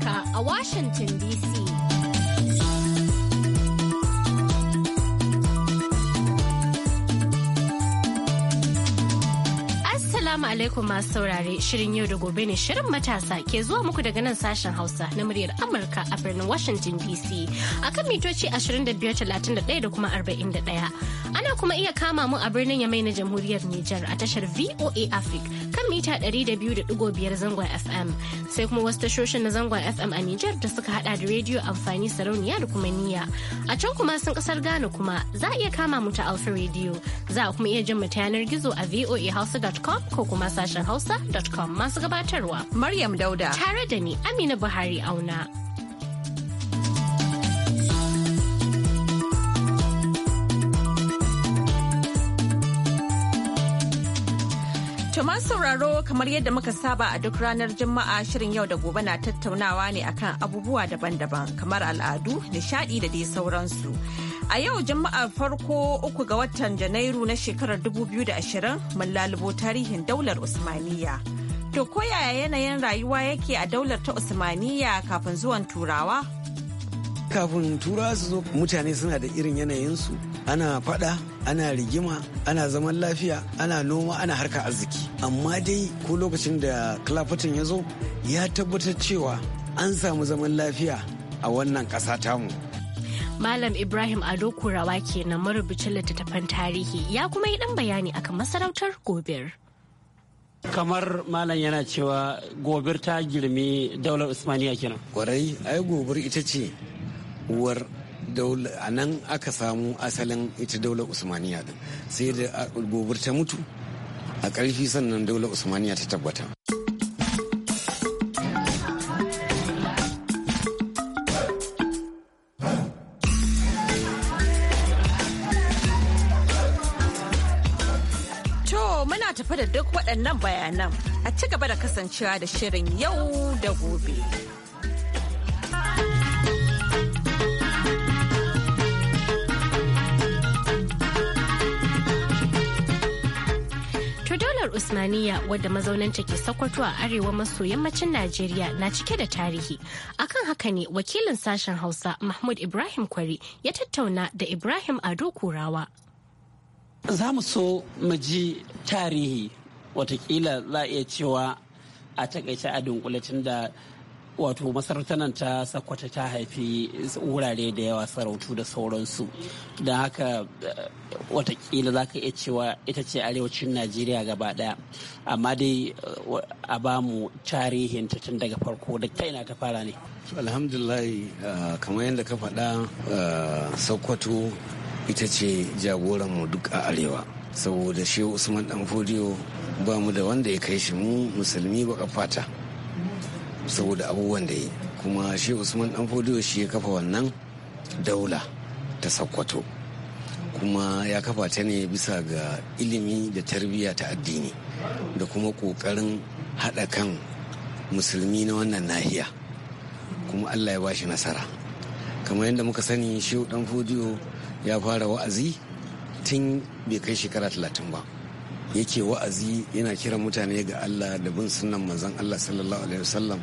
Amurka a Washington DC. Assalamu alaikum masu saurare shirin yau da gobe ne shirin matasa ke zuwa muku daga nan sashen Hausa na muryar Amurka a birnin Washington DC A kan mitoci 2531 da kuma 41. Ana kuma iya kama mu a birnin Yamai na Jamhuriyar Nijar a tashar VOA Africa mita 200.5 zangon FM sai kuma wasu tashoshin na zangon FM a Nijar da suka hada da rediyo amfani sarauniya da kuma niyya. A can kuma sun kasar Ghana kuma za a iya kama mu ta rediyo za a kuma iya jin mu yanar gizo a voahausa.com ko kuma sashen hausa.com masu gabatarwa. Maryam Dauda. Tare da ni Amina Buhari Auna. To masu sauraro kamar yadda muka saba a duk ranar Juma'a shirin yau da gobe na tattaunawa ne akan abubuwa daban-daban kamar al'adu, nishadi da dai sauransu. A yau Juma'a farko uku ga watan Janairu na shekarar 2020 mun lalubo tarihin daular Usmaniya, To koyaya yanayin rayuwa yake a daular ta Usmaniyya kafin zuwan Turawa kafin tura su zo mutane suna da irin yanayin su ana fada ana rigima ana zaman lafiya ana noma ana harka arziki amma dai ko lokacin da clapperton ya zo ya tabbatar cewa an samu zaman lafiya a wannan ƙasa tamu Malam Ibrahim Ado Kurawa kenan marubucin littattafan tarihi ya kuma yi dan bayani akan masarautar Gobir. kamar malam yana cewa gobir ta girmi daular usmaniya kenan kwarai ai gobir ita ce uwar a nan aka samu asalin ita daular usmaniya din sai da gobir ta mutu a ƙarfi sannan daular usmaniya ta tabbata muna tafi da duk waɗannan bayanan a ci gaba da kasancewa da shirin yau da gobe. jihar usmaniya wadda mazauninta ke sakwato a arewa maso yammacin najeriya na cike da tarihi akan haka ne wakilin sashen hausa mahmud ibrahim kwari ya tattauna da ibrahim ado kurawa za mu so mu ji tarihi watakila za a iya cewa a takaice a tun da wato masarautar ta sakwata ta haifi wurare da yawa sarautu da sauransu don haka eh, watakila za ka iya cewa ita ce arewacin najeriya gaba daya amma dai eh, a ba mu tarihin ta tun daga farko da ta ina ta fara ne alhamdulillah eh, kamar yadda ka faɗa sokoto ita ce jagoranmu duk a arewa saboda shi usman dan fodiyo ba mu da wanda ya kai shi mu musulmi baka fata saboda abubuwan da yi kuma shi usman dan fodiyo shi ya kafa wannan daula ta sakkwato kuma ya kafa ta ne bisa ga ilimi da tarbiyya ta addini da kuma ƙoƙarin haɗa kan musulmi na wannan nahiya kuma allah ya bashi nasara kamar yadda muka sani shehu dan fodiyo ya fara wa'azi tun bai kai shekara talatin ba yake wa'azi yana kiran mutane ga Allah da bin sunan manzon Allah sallallahu alaihi wasallam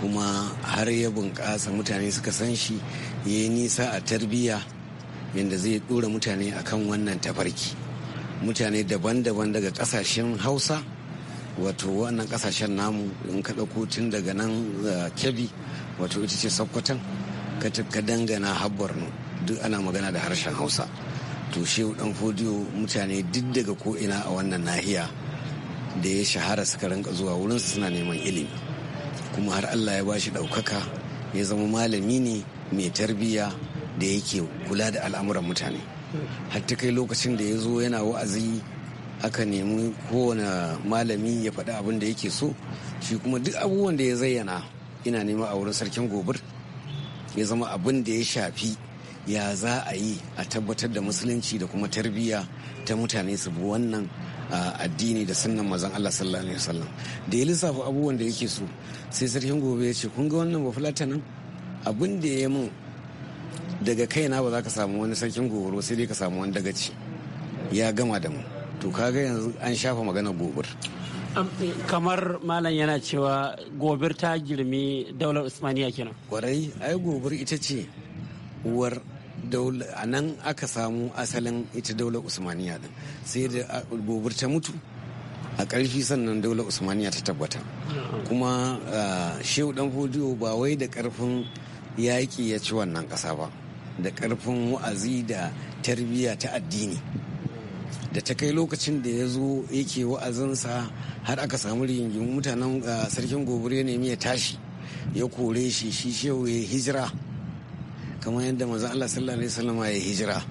kuma har ya bunƙasa mutane suka san shi ya yi nisa a tarbiyya yadda zai ɗora mutane akan wannan tafarki mutane daban-daban daga ƙasashen hausa wato wannan ƙasashen namu in ka ɗauko tun daga nan eh, kebbi wato ita ce sokoton ka dangana har duk ana magana da harshen hausa to shehu dan fodiyo mutane duk daga ko'ina a wannan nahiya da ya shahara suka rinka zuwa wurinsa suna neman ilimi kuma har allah ya bashi ɗaukaka ya zama malami ne mai tarbiyya da yake kula da al'amuran mutane har ta kai lokacin da ya zo yana wa'azi aka nemi kowane malami ya faɗi abin da yake so shi kuma duk abubuwan da ya zayyana ina nema a wurin sarkin gobir ya zama abin da ya shafi ya za a yi a tabbatar da musulunci da kuma tarbiyya ta mutane su bi wannan addini da sunnan mazan Allah sallallahu alaihi wasallam da ya lissafa abubuwan da yake so sai sarkin gobe ya ce kun ga wannan bafulata nan abin da ya mun daga kaina ba za ka samu wani sarkin ba sai dai ka samu wani dagaci ya gama da mu to kaga yanzu an shafa magana gobir kamar malam yana cewa gobir ta girmi daular usmaniya kenan kwarai ai gobir ita ce uwar a nan aka samu asalin ita daular usmaniya din sai da gobir ta mutu a ƙarfi sannan daular usmaniya ta tabbata kuma shehu dan fodiyo ba wai da ƙarfin yaƙi ya ci wannan ƙasa ba da ƙarfin wa'azi da tarbiyya ta addini da ta kai lokacin da ya zo yake wa'azinsa har aka samu rigingimu mutanen sarkin gobir ya nemi ya tashi ya kore shi shi shehu ya hijira kamar yadda maza Allah sallallahu alaihi wasallam ya hijira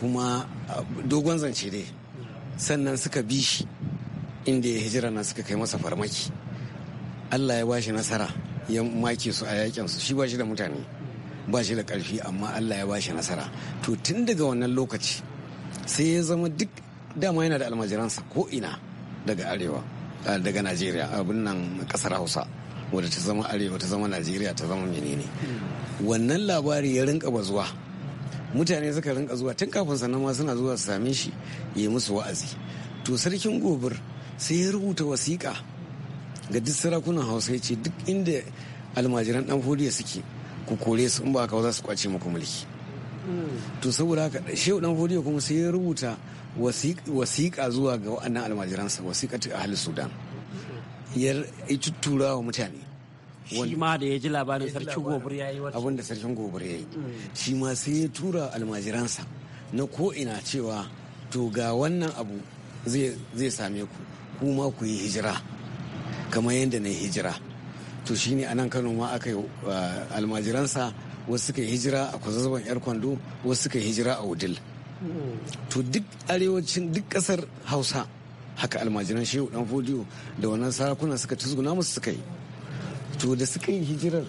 kuma dogon zance dai sannan suka bi shi inda ya hijira na suka kai masa farmaki Allah ya bashi nasara ya make su a yakin su shi bashi da mutane ba shi da karfi amma Allah ya bashi nasara to tun daga wannan lokaci sai ya zama duk dama yana da almajiransa ko ina daga arewa daga Najeriya abin nan kasar Hausa wadda ta zama arewa ta zama najeriya ta zama menene wannan labari ya rinka bazuwa mutane suka rinka zuwa tun kafin sannan ma suna zuwa su same shi ya musu wa'azi to sarkin gobir sai ya rubuta wasiƙa ga duk sarakunan hausa ya ce duk inda almajiran dan fodiya suke ku kore su in ba haka za su kwace muku mulki to saboda haka shehu dan fodiya kuma sai ya rubuta wasiƙa zuwa ga wa'annan almajiransa wasiƙa ta ahli sudan ya tuttura wa mutane shi ma da ya ji labarin sarkin gobir ya yi wata abinda sarkin gobir ya yi shi ma sai ya tura almajiransa na ko ina cewa to ga wannan abu zai same ku kuma ku yi hijira kamar yadda na hijira to shine nan kano ma aka yi uh, almajiransa wasu suka yi hijira a kwazazzaban yar kwando wasu suka yi hijira a wudil mm. to duk arewacin duk kasar hausa haka almajiran shehu dan fodiyo da wannan sarakunan suka tuzguna musu suka yi to da suka yi hijirar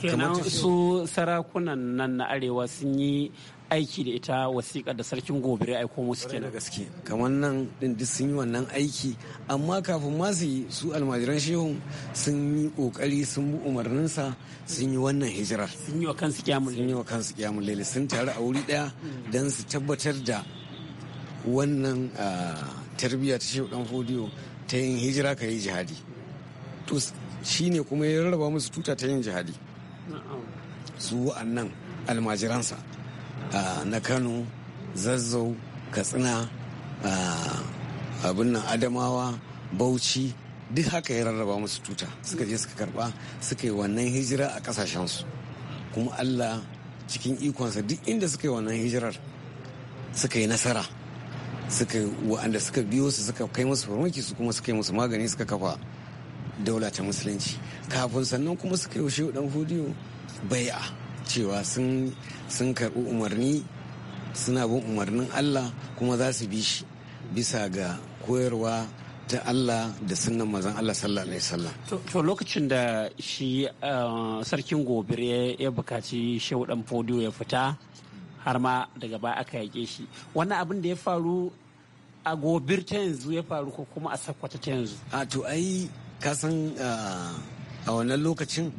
kenan su sarakunan nan na arewa sun yi aiki da ita wasiƙa da sarkin gobe ya aiko musu kenan gaske kamar nan din duk sun yi wannan aiki amma kafin ma su yi su almajiran shehun sun yi kokari sun bi umarninsa sun yi wannan hijirar sun yi wa kansu kiyamun sun yi wa kansu kyamun lele sun taru a wuri daya don su tabbatar da wannan ah, tarbiyya ta shehu dan fodiyo ta yin hijira ka yi jihadi Shi ne kuma ya rarraba musu tuta ta yin jihadi su wa'annan almajiransa na kano zazzau katsina abin nan adamawa bauchi duk haka ya rarraba musu tuta suka je suka karba suka yi wannan hijira a kasashensu kuma allah cikin ikonsa duk inda suka yi wannan hijirar suka yi nasara suka wa'anda suka biyo su suka kai musu farmaki su kuma suka yi musu magani suka kafa daula ta musulunci kafin sannan kuma suka yaushe dan hudiyo a cewa sun karɓi umarni suna bin umarnin allah kuma za su bi shi bisa ga koyarwa ta Allah da sunan mazan Allah sallallahu alaihi wasallam. To lokacin da shi eh, sarkin gobir ya bukaci shehu dan fodiyo ya fita har ma daga baya aka yake shi. wani abin da ya faru a gobir ta yanzu ya faru ko kuma a sakwata ta yanzu. A to ai kasan ah, a wannan lokacin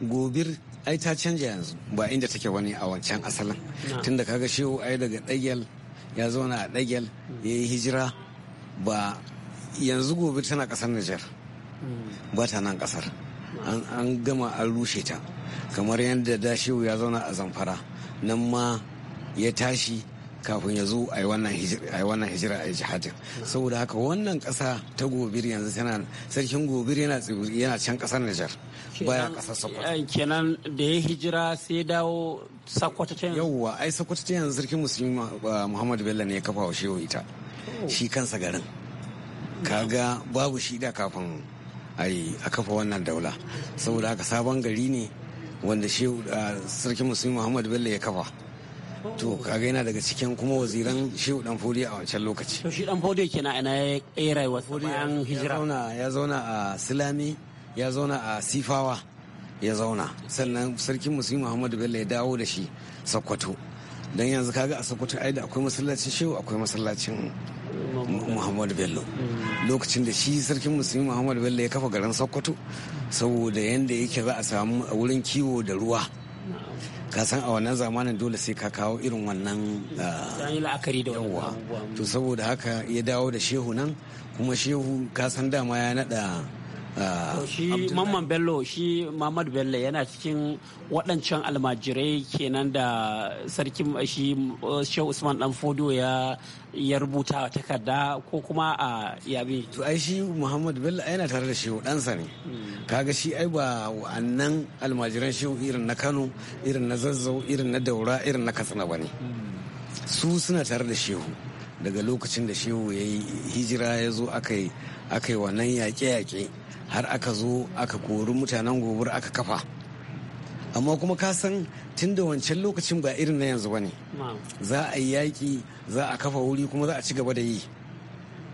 gobir ai ta canja yanzu ba inda take wani a wancan asalin tun da kaga shehu ai daga ɗagyal ya zauna a ɗagyal hmm. ya yi hijira ba yanzu gobe tana ƙasar Nijar hmm. ba ta nan ƙasar an gama an rushe ta kamar yadda da shehu ya zauna a zamfara nan ma ya tashi kafin ya zo a yi wannan hijira a yi jihadin saboda haka wannan ƙasa ta gobir yanzu tana sarkin gobir yana yana can ƙasar Nijar baya ƙasar Sokoto kenan da ya hijira sai dawo Sokoto ta yanzu yawwa ai Sokoto ta yanzu sarkin musulmi Muhammadu Bello ne ya kafa wa shehu ita oh. shi kansa garin kaga babu shi da kafin ai a kafa wannan daula saboda haka sabon gari ne wanda shehu sarkin musulmi Muhammadu Bello ya kafa to kaga yana daga cikin kuma waziran shehu dan fodi a wancan lokaci to shi dan fodi kenan ana ya rayuwa bayan hijira ya zauna a silami ya zauna a sifawa ya zauna sannan sarkin musulmi muhammadu bello ya dawo da shi sokoto don yanzu kaga a sokoto ai da akwai masallacin shehu akwai masallacin muhammadu bello mm. lokacin da shi sarkin musulmi muhammadu bello ya kafa garin sokoto saboda yanda yake za a samu wurin kiwo da ruwa kasan a wannan zamanin dole sai ka kawo irin wannan ah, la'akari da to saboda haka ya dawo da shehu nan kuma shehu kasan dama ya nada Ah, shi mamman bello shi mamadu bello yana cikin waɗancan almajirai kenan da sarkin shi uh, shehu usman dan fodo ya ya rubuta takarda ko kuma a yabi to ai shi muhammadu bello yana tare da shehu ɗansa ne hmm. kaga shi ai ba wa'annan almajiran shehu irin na kano irin na zazzau irin na daura irin na katsina ba hmm. su suna tare da shehu daga lokacin da shehu ya yi hijira ya zo aka yi wannan yaƙe-yaƙe har aka zo aka kori mutanen gobir aka kafa amma kuma ka san tun da wancan lokacin ba irin na yanzu ba za a yi yaƙi za a kafa wuri kuma za a ci gaba da yi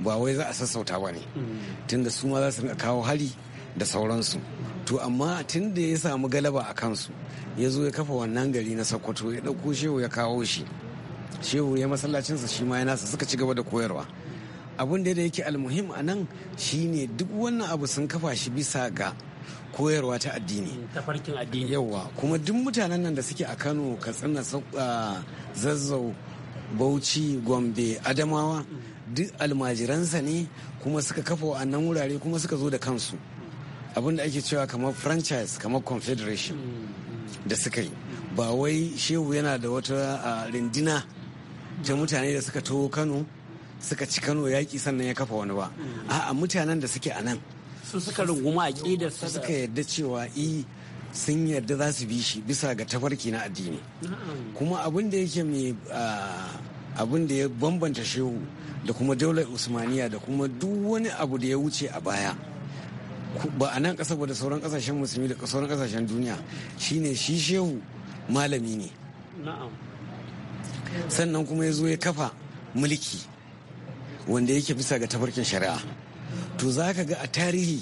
ba wai za a sassauta ba ne hmm. tun da su ma za su kawo hari da sauransu to amma tun da ya samu galaba a kansu ya zo ya kafa wannan gari na sokoto ya ɗauko shehu ya kawo shi shehu ya masallacinsa shi ma ya nasa suka ci gaba da koyarwa abin da yake almuhim a nan shine duk wannan abu sun kafa shi bisa ga koyarwa ta addini mm, tafarkin addini yawa kuma duk mutanen nan da suke a kano katsina zazzau bauchi gombe adamawa duk almajiransa ne kuma suka kafa wa'annan wurare kuma suka zo da kansu abin da ake cewa kamar franchise kamar confederation mm, mm. da suka yi ba wai shehu yana da wata rindina ce mutane da suka taho kano suka ci kano yaƙi sannan ya kafa wani ba a'a mutanen da suke a nan su suka runguma a ƙidar su suka yarda cewa i e, sun yarda za su bi shi bisa ga tafarki na addini kuma abin da yake mai abin da ya bambanta shehu da kuma daular usmaniya da kuma duk wani abu da ya wuce a baya ba a nan ƙasa ba da sauran ƙasashen musulmi da sauran ƙasashen duniya shine shi shehu malami ne sannan kuma ya zo ya kafa mulki wanda yake bisa ga tafarkin shari'a to za ka ga a tarihi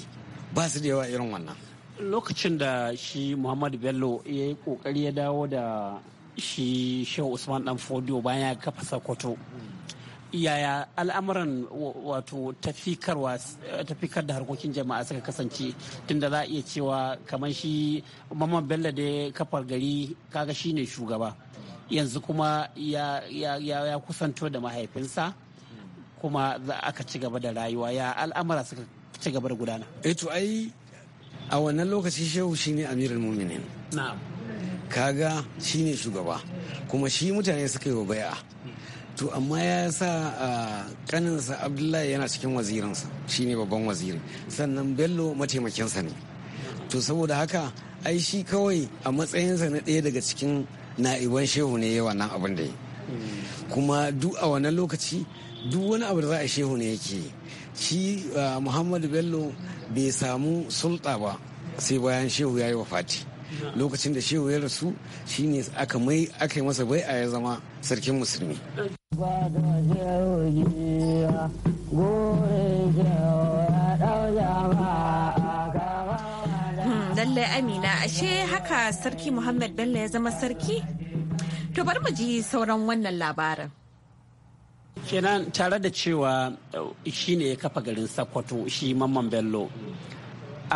ba su da yawa irin wannan lokacin da shi muhammadu bello ya yi kokari ya dawo da shi shehu usman dan fodio bayan ya kafa sokoto yaya al'amuran wato tafikar da harkokin jama'a suka kasance tunda za a iya cewa kamar shi mamman bello da ya kafar gari kaga shine shugaba yanzu kuma ya kusanto da mahaifinsa kuma za aka ci gaba da rayuwa ya al'amura suka ci gaba da gudana E to ai a wannan lokaci shehu shine amirul muminin na'am kaga shine shugaba kuma shi mutane suka yi wa baya to amma ya sa kaninsa abdullahi yana cikin wazirinsa shine babban wazirin sannan bello mataimakinsa ne to saboda haka ai shi kawai a matsayinsa na ɗaya daga cikin na'iban shehu ne ya wannan abin da ya kuma duk a wannan lokaci duk wani abu da za a shehu ne yake shi muhammadu bello bai samu sulta ba sai bayan shehu ya yi wa fati lokacin da shehu ya rasu shine aka mai aka yi masa bai a ya zama sarkin musulmi gore lallai amina ashe haka sarki muhammad bello ya zama sarki to bari mu ji sauran wannan labarin kenan tare da cewa eh, shi ne ya kafa garin sokoto shi mamman bello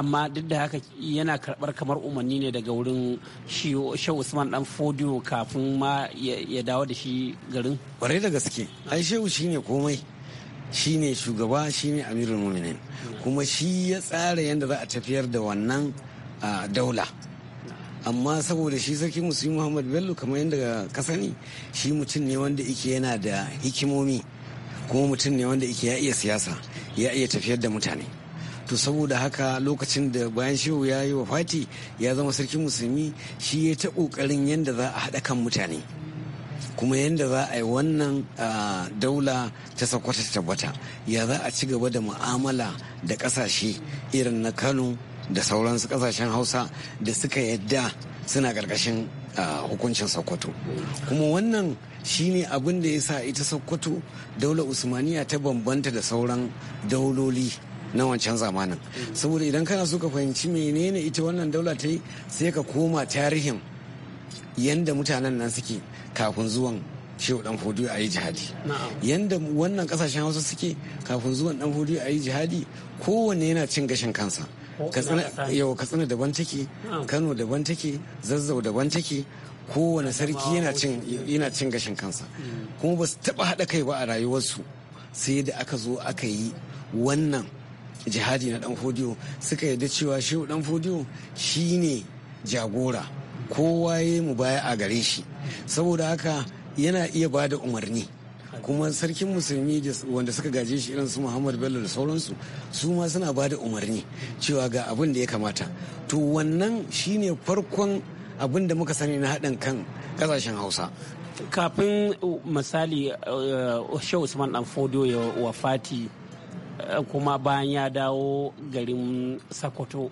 amma duk da haka yana karbar kamar umarni ne daga wurin shi shehu usman dan fodiyo kafin ma ya dawo da shi garin kwarai da gaske ai shehu ne komai shi ne shugaba shi ne amirul muminin kuma shi ya tsara yadda za a tafiyar da wannan a daula amma saboda shi sarki musulmi muhammad bello kamar yadda ka sani shi mutum ne wanda yake yana da hikimomi kuma mutum ne wanda yake ya iya siyasa ya iya tafiyar da mutane to saboda haka lokacin da bayan shehu ya yi wa fati ya zama sarkin musulmi shi ya ta kokarin yadda za a haɗa kan mutane kuma yadda za a yi wannan daula ta sakwata ta tabbata ya za a ci gaba da mu'amala da ƙasashe irin na kano da sauransu kasashen hausa da suka yadda suna ƙarƙashin ah, hukuncin sokoto kuma wannan shine abin da ya sa ita sokoto daular usmaniya ta bambanta da sauran dauloli na wancan zamanin saboda idan kana so ka fahimci menene ita wannan daula ta yi sai ka koma tarihin yadda mutanen nan suke kafin zuwan shehu dan fodiyo a yi jihadi Yadda wannan kasashen hausa suke kafin zuwan dan fodiyo a yi jihadi kowanne yana cin gashin kansa katsina daban take ah. kano daban take zazzau daban take kowane sarki yana cin gashin kansa hmm. kuma ba su taɓa haɗa kai ba a rayuwarsu sai da aka zo aka yi wannan jihadi na dan fodiyo suka yarda cewa shehu dan fodiyo shine jagora kowa ya mu baya a gare shi saboda haka yana iya ba da umarni kuma sarkin musulmi wanda suka gaje shi irin su muhammad bello da sauransu su ma suna ba da umarni cewa ga abin da ya kamata to wannan shine farkon abin da muka sani na haɗin kan ƙasashen hausa kafin uh, misali uh, shehu usman dan fodo ya wafati uh, kuma bayan ya dawo garin sakoto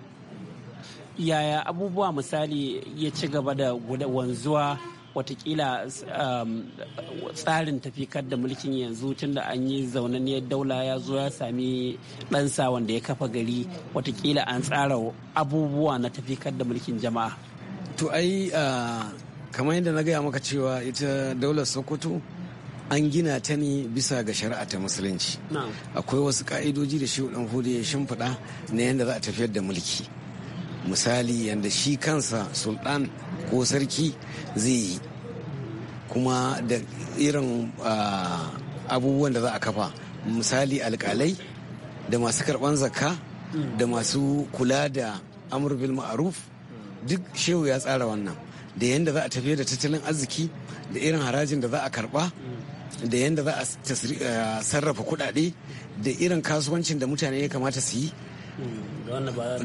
yaya abubuwa misali ya ci gaba da wanzuwa watakila um, tsarin tafikar da mulkin yanzu tun da an yi zaunaniyar daula ya zo ya sami ɗansa wanda ya kafa gari watakila an tsara abubuwa na tafikar da mulkin jama'a to ai kamar yadda na gaya maka cewa ita daular sokoto an gina ta ne bisa ga shari'a ta musulunci akwai wasu ka'idoji da shi dan hudu ya shimfiɗa na yadda za a tafiyar da mulki misali yadda shi kansa sultan ko sarki zai yi kuma da irin abubuwan da za a kafa misali alkalai da masu karban zakka da masu kula da amur ma'aruf duk shehu ya tsara wannan da yadda za a tafiye da tattalin arziki da irin harajin da za a karba da yadda za a sarrafa kuɗaɗe da irin kasuwancin da mutane ya kamata su yi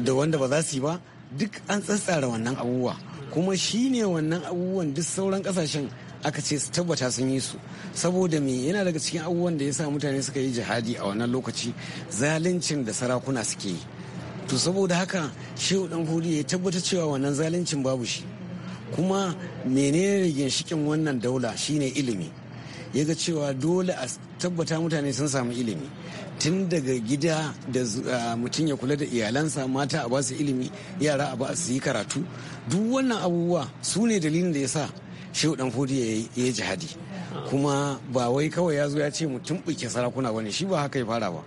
da wanda ba za su yi ba duk an tsatsara wannan abubuwa kuma shi ne wannan abubuwan duk sauran kasashen aka ce su tabbata sun yi su saboda me yana daga cikin abubuwan da ya sa mutane suka yi jihadi a wannan lokaci zaluncin da sarakuna suke yi to saboda haka shehu dan huri ya tabbata cewa wannan zaluncin babu shi kuma menene ginshikin wannan daula shine ilimi ya ga cewa dole a tabbata mutane sun samu ilimi tun daga gida da mutum ya kula da iyalansa mata a basu ilimi yara a ba su yi karatu duk wannan abubuwa su ne dalilin da ya sa shehu dan fodi ya yi jihadi kuma ba wai kawai ya zo ya ce mu tumɓuke sarakuna bane shi ba haka ya fara ba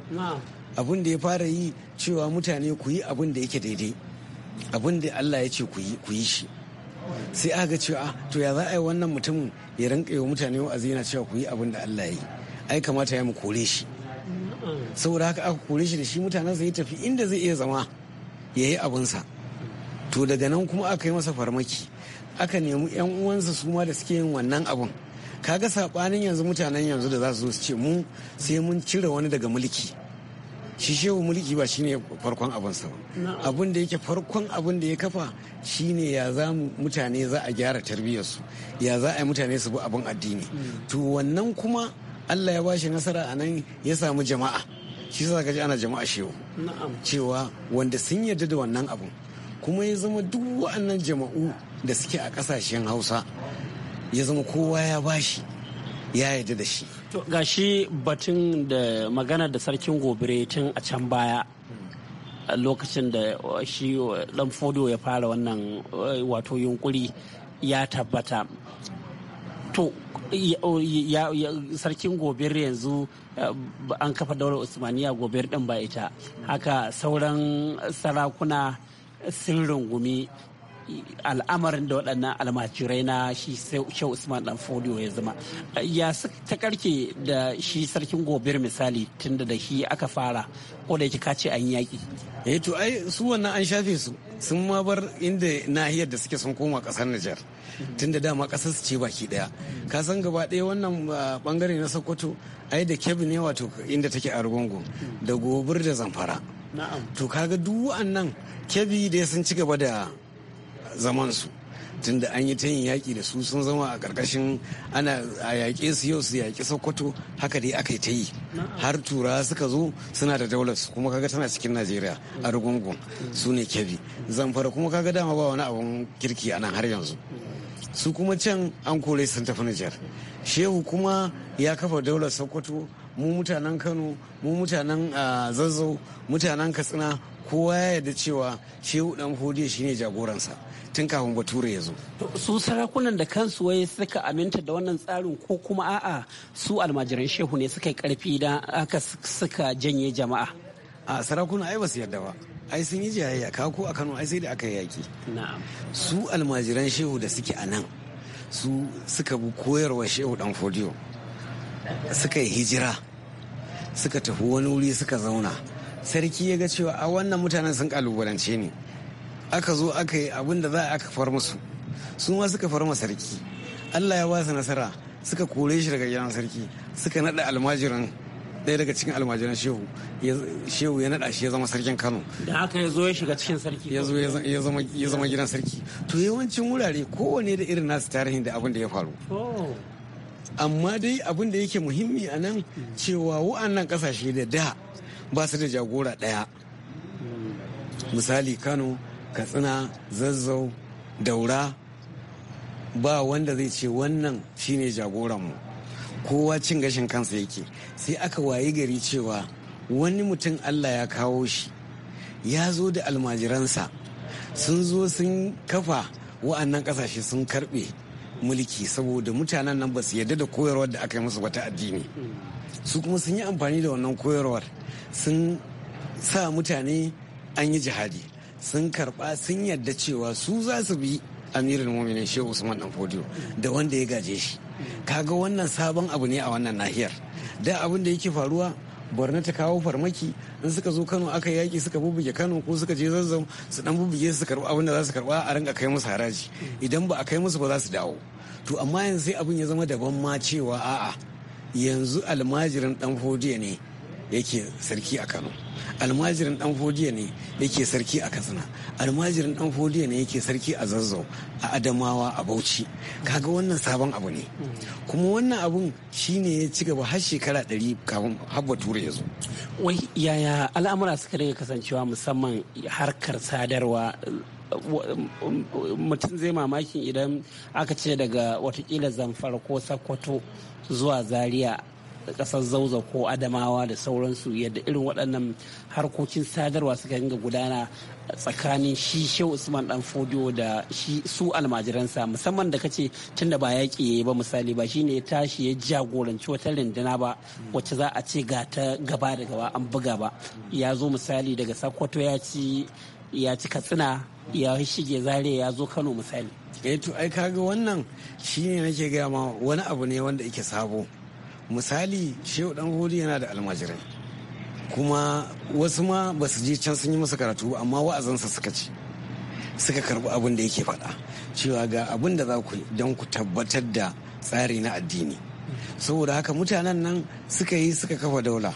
abin da ya fara yi cewa mutane ku yi abin da yake daidai abin da allah ya ce ku yi shi sai aka cewa ah, to ya za a yi wannan mutumin ya rinka yi mutane wa'azi yana cewa ku yi abin da Allah ya yi ai kamata ya mu kore shi saboda haka aka kore shi da shi mutanen sa ya tafi inda zai iya zama ya yi abinsa to daga nan kuma aka yi masa farmaki aka nemi yan uwansa su ma da suke yin wannan abun kaga sabanin yanzu mutanen yanzu da za su zo su ce mu sai mun cire wani daga mulki shi shehu mulki ba shine farkon abin sa abin da yake farkon abin da ya kafa shine ya za mutane za a gyara tarbiyyarsu ya za a yi mutane su bi abin addini hmm. to wannan kuma Allah ya bashi nasara a nan ya samu jama'a shi sa ka ji ana jama'a shehu cewa wanda sun yarda da wannan abun kuma ya zama duk wa'annan jama'u da suke a kasashen hausa ya zama kowa ya bashi ya yarda da shi To gashi batun da magana da sarkin gobire tun a can baya lokacin da uh, shi uh, dan fodo ya fara wannan uh, wato yunkuri ya tabbata to sarkin gobir yanzu an kafa daular usmaniya gobir din ba ita haka sauran sarakuna sun rungumi al'amarin da waɗannan almajirai na shi shau usman dan folio ya zama ya ta karke da shi sarkin gobir misali tunda da shi aka fara ko da ka ce an yaƙi eh to ai su wannan an shafe su sun ma bar inda nahiyar da suke sun koma kasar Nijar tun da dama kasar su ce baki ɗaya ka san gaba ɗaya wannan bangare na Sokoto ai da Kebbi ne wato inda take Argungu da Gobir da Zamfara to kaga duk wa'annan Kebbi dai sun ci gaba da zaman su tunda an yi ta yin yaƙi da su sun zama a ƙarƙashin ana a yaƙe su yau su yaƙi sokoto haka dai aka yi ta yi har tura suka zo suna da daular kuma kaga tana cikin najeriya a rugungun su ne kebi zamfara kuma kaga dama ba wani abun kirki a nan har yanzu su kuma can an kore sun tafi nijar shehu kuma ya kafa daular sokoto mu mutanen kano mu mutanen ah, zazzau mutanen katsina kowa ya yarda cewa shehu dan fodiyo shine jagoransa tun kafin bature ya zo su sarakunan da kansu wai suka aminta da wannan tsarin ko kuma a'a su almajiran shehu ne suka yi karfi da aka suka janye jama'a a sarakuna ai ba su yarda ba ai sun yi jayayya ko a kano ai sai da aka yi yaki su almajiran shehu da suke a nan su suka bi koyarwa shehu dan fodiyo suka yi hijira suka tafi wani wuri suka zauna sarki ya ga cewa a wannan mutanen sun kalubalance ne aka zo aka yi abin da za a aka far musu su ma suka far sarki allah ya ba su nasara suka kore shi daga gidan sarki suka naɗa almajiran ɗaya daga cikin almajiran shehu shehu ya naɗa shi ya zama sarkin kano da haka ya zo ya shiga cikin sarki ya zo ya zama gidan sarki to yawancin wurare kowane da irin nasu tarihin da abin da ya faru oh. amma dai abin da yake muhimmi a nan cewa wa'annan kasashe da da ba su da jagora ɗaya misali kano katsina zazzau daura ba wanda zai ce wannan shine jagoranmu kowa cin gashin kansa yake sai aka wayi gari cewa wani mutum allah ya kawo shi ya zo da almajiransa sun zo sun kafa wa'annan kasashe sun karbe mulki saboda mutanen nan ba su yarda da koyarwar da aka yi musu wata addini su kuma sun yi amfani da wannan koyarwar sun sa mutane an yi jihadi sun karba sun yarda cewa su za su bi amirin muminin shehu usman dan fodiyo da wanda ya gaje shi kaga wannan sabon abu ne a wannan nahiyar da abin da yake faruwa borno ta kawo farmaki in suka zo kano aka yaki suka bubbuge kano ko suka je zazzau su dan bubuge su karɓi abin da za su karɓa a rinka kai musu haraji idan ba a kai musu ba za su dawo to amma yanzu sai abin ya zama daban ma cewa a'a yanzu almajirin dan fodiya ne yake sarki a kano almajirin dan fodiya ne yake sarki a katsina almajirin dan fodiya ne yake sarki a zazzau a adamawa a bauchi kaga wannan sabon abu ne kuma wannan abun shine ya ci gaba har shekara ɗari kafin habba tura ya zo wai yaya al'amura suka rage kasancewa musamman harkar sadarwa mutum zai mamakin idan aka ce daga watakila zamfara ko sakwato zuwa zaria kasar zauza ko adamawa da sauransu yadda irin waɗannan harkokin sadarwa suka dinga gudana tsakanin shi shehu usman dan fodiyo da shi su almajiransa musamman da kace da ba yaƙi yi ba misali ba shine ya tashi ya jagoranci wata rindina ba wacce za a ce ga ta gaba da gaba an buga ba ya zo misali daga sakkwato ya ci ya ci katsina ya shige zare ya zo kano misali eh to ai kaga wannan shine nake gaya ma wani abu ne wanda yake sabo misali shehu dan hodi yana da almajirai kuma wasu ma ba su je can sun yi masa karatu ba amma wa'azansa suka ci suka karbi abin da yake faɗa cewa ga abin da za ku yi don ku tabbatar da tsari na addini saboda haka mutanen nan suka yi suka kafa daula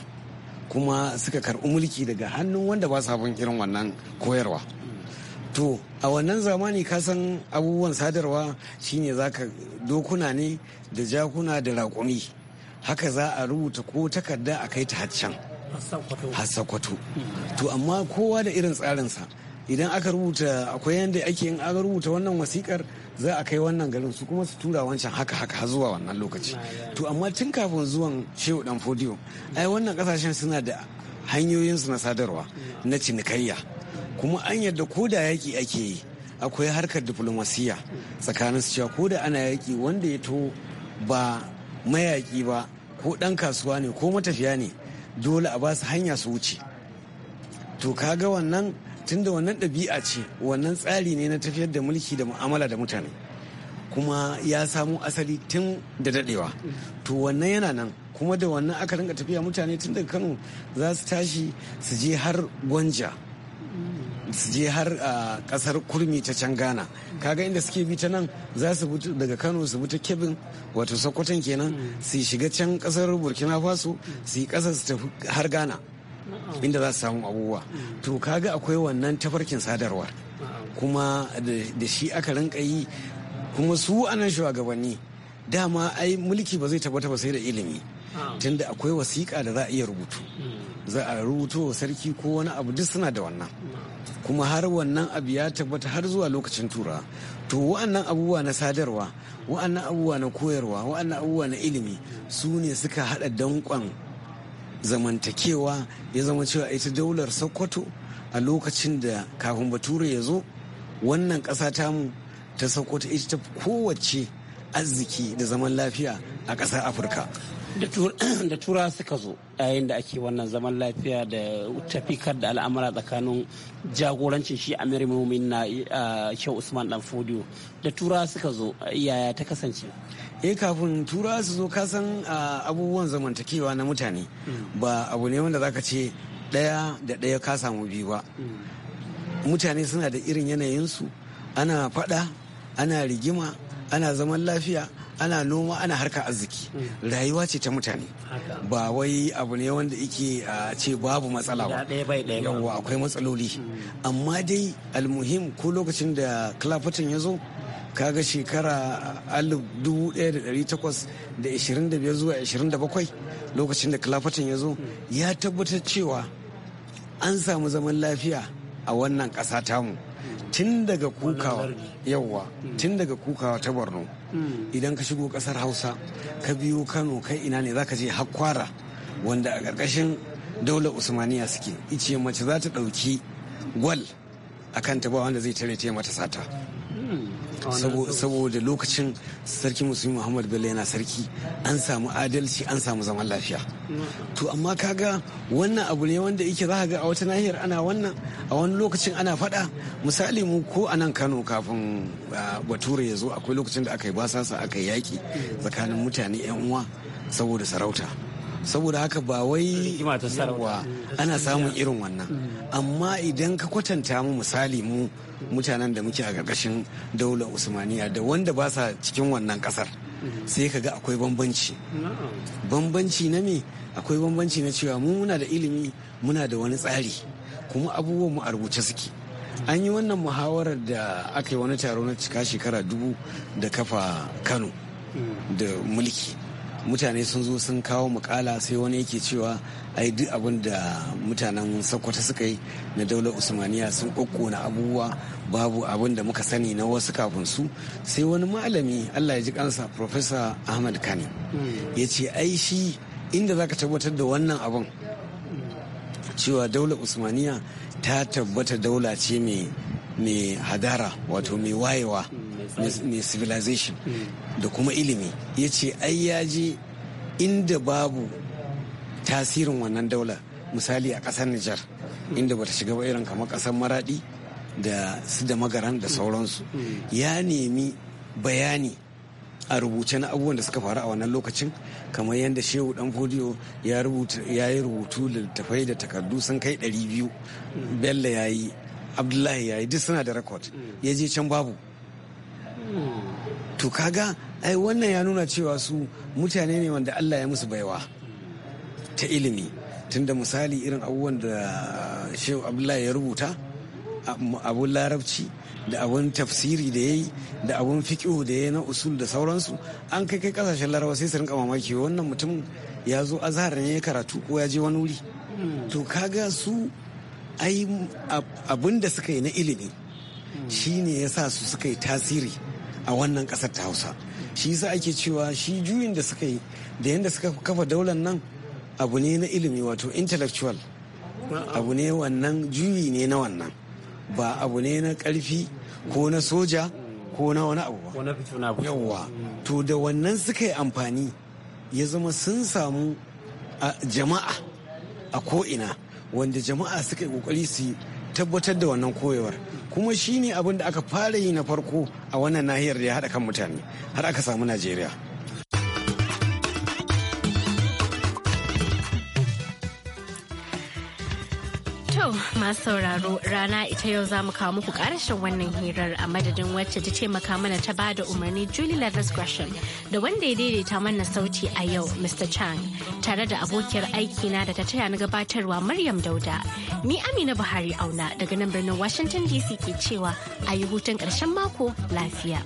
kuma suka karɓi mulki daga hannun wanda ba sabon irin wannan koyarwa to a wannan zamani ka san abubuwan sadarwa shine zaka dokuna ne da jakuna da raƙumi haka za a rubuta ko takarda a kai ta haccan hassakwato hmm. to amma kowa da irin tsarinsa idan aka rubuta akwai yadda ake yin aka rubuta wannan wasikar za a kai wannan garin su kuma su tura wancan haka haka har zuwa wannan lokaci to amma tun kafin zuwan shehu dan fodiyo ai wannan kasashen suna da hanyoyinsu na sadarwa hmm. na cinikayya kuma an yadda ko da yaki ake yi akwai harkar diplomasiya hmm. tsakanin su cewa ko da ana yaki wanda ya to ba mayaki ba ko ɗan kasuwa ne ko matafiya ne dole a ba su hanya su wuce to kaga wannan tunda wannan ɗabi'a ce wannan tsari ne na tafiyar da mulki da mu'amala da mutane kuma ya samu asali tun da daɗewa to wannan yana nan kuma da wannan aka rinka tafiya mutane tun daga kano za su tashi su je har gwanja su je har a kasar kurmi ta can ghana kaga inda suke bi ta nan za su bi daga kano su bi ta kebin wato sokoton kenan su shiga can kasar burkina faso su yi kasar su tafi har gana inda za su samu abubuwa to kaga akwai wannan tafarkin sadarwar kuma da shi aka rinka yi kuma su anan shugabanni dama ai mulki ba zai tabbata ba sai da ilimi tunda akwai wasiƙa da za a iya rubutu za a rubuto sarki ko wani abu duk suna da wannan kuma har wannan abu ya tabbata har zuwa lokacin tura to wa'annan abubuwa na sadarwa wa'annan abubuwa na koyarwa wa'annan abubuwa na ilimi su ne suka haɗa danƙon zamantakewa ya zama cewa ita daular sokoto a lokacin da kafin bature ya zo wannan ƙasa tamu ta sokoto ita ta kowace arziki da zaman lafiya a ƙasar afirka da tura suka zo yayin da ake wannan zaman lafiya da tafikar da al'amura tsakanin jagorancin shi amir mumin na shehu usman dan fodiyo da tura suka zo yaya ta kasance eh kafin tura su zo kasan abubuwan zamantakewa na mutane mm. ba abu ne wanda zaka ce daya da daya ka samu biyu ba mm. mutane suna da irin yanayinsu ana faɗa ana rigima ana zaman lafiya ana noma ana harka arziki mm. rayuwa ce ta mutane ba wai abu ne wanda ike a ce babu matsala ba yawwa akwai matsaloli mm. amma dai almuhim ko lokacin da clapperton ya zo kaga shekara 1825 zuwa 27 lokacin da clapperton ya zo mm. ya tabbatar cewa an samu zaman lafiya a wannan ƙasa tamu. tun daga kukawa yawwa hmm. tun daga kukawa ta borno hmm. idan ka shigo kasar hausa ka biyo kano kai ina ne zaka je hakwara wanda a ƙarƙashin daular usmaniya suke ice mace za ta ɗauki gwal a kan ta ba wanda zai tare ta mata sata saboda lokacin sarki musulmi muhammad bello yana sarki an samu adalci an samu zaman lafiya to amma kaga wannan abu ne wanda yake za ga a wata nahiyar ana wannan a wani lokacin ana fada misali mu ko a nan kano kafin bature ya zo akwai lokacin da aka yi basasa aka yi yaƙi tsakanin mutane 'yan uwa saboda sarauta saboda haka ba wai ana samun irin wannan amma idan ka kwatanta mu misali mu mutanen da muke a ƙarƙashin daular usmaniya da wanda ba sa cikin wannan ƙasar sai ka ga akwai bambanci bambanci na me akwai bambanci na cewa mu muna da ilimi muna da wani tsari kuma abubuwan mu a rubuce suke an yi wannan muhawarar da aka yi wani taro na cika shekara dubu da kafa kano hmm. da mulki mutane sun zo sun kawo mukala sai wani yake cewa ai duk abin da mutanen sokoto suka yi na daular usmaniya sun na abubuwa babu abin da muka sani na wasu kafin su sai wani malami allah ya ji kansa professor ahmad kani hmm. ya ce ai shi inda zaka tabbatar da wannan abin cewa daular usmaniya ta tabbata daula ce mai mai hadara wato mai wayewa mai civilization da kuma ilimi ya ce ai ya ji inda babu tasirin wannan daular misali a ƙasar Nijar inda bata shiga ba irin kamar ƙasar Maradi da su da magaran da sauransu ya nemi bayani a rubuce na abubuwan da suka faru a wannan lokacin kamar yadda shehu dan fodiyo ya yi rubutu littattafai da takardu sun kai 200 bello ya yi abdullahi ya yi duk suna da rekod ya je can babu to kaga ai wannan ya nuna cewa su mutane ne wanda allah ya musu baiwa ta ilimi tunda misali irin abubuwan da shehu abdullahi ya rubuta abun larabci da abun tafsiri da ya yi da abun fiƙihu da ya yi na usul da sauransu an kai kai kasashen larabawa sai su rinka mamaki wannan mutum ya zo azhar ne ya karatu ko ya je wani wuri to kaga su ai abin da suka yi na ilimi shi ne ya sa su suka yi tasiri a wannan ƙasar ta hausa shi sa ake cewa shi juyin da suka yi da yadda suka kafa daular nan abu ne na ilimi wato intellectual abu ne wannan juyi ne na wannan ba abu ne na ƙarfi ko na soja ko na wani abu yawwa mm. to da wannan suka yi amfani ya zama sun samu jama'a a ko'ina wanda jama'a suka yi kokari su tabbatar da wannan koyewar kuma shine abin da aka fara yi na farko a wannan nahiyar da ya haɗa kan mutane har aka samu najeriya masu sauraro rana ita yau za mu kawo muku karashin wannan hirar a madadin wacce ta taimaka mana ta ba da umarni Julie Leathers Gresham da wanda ya daidaita mana sauti a yau Mr. Chang tare da abokiyar aikina da ta taya na gabatarwa Maryam Dauda. Ni Amina Buhari Auna daga nan birnin Washington DC ke cewa a yi hutun karshen mako lafiya.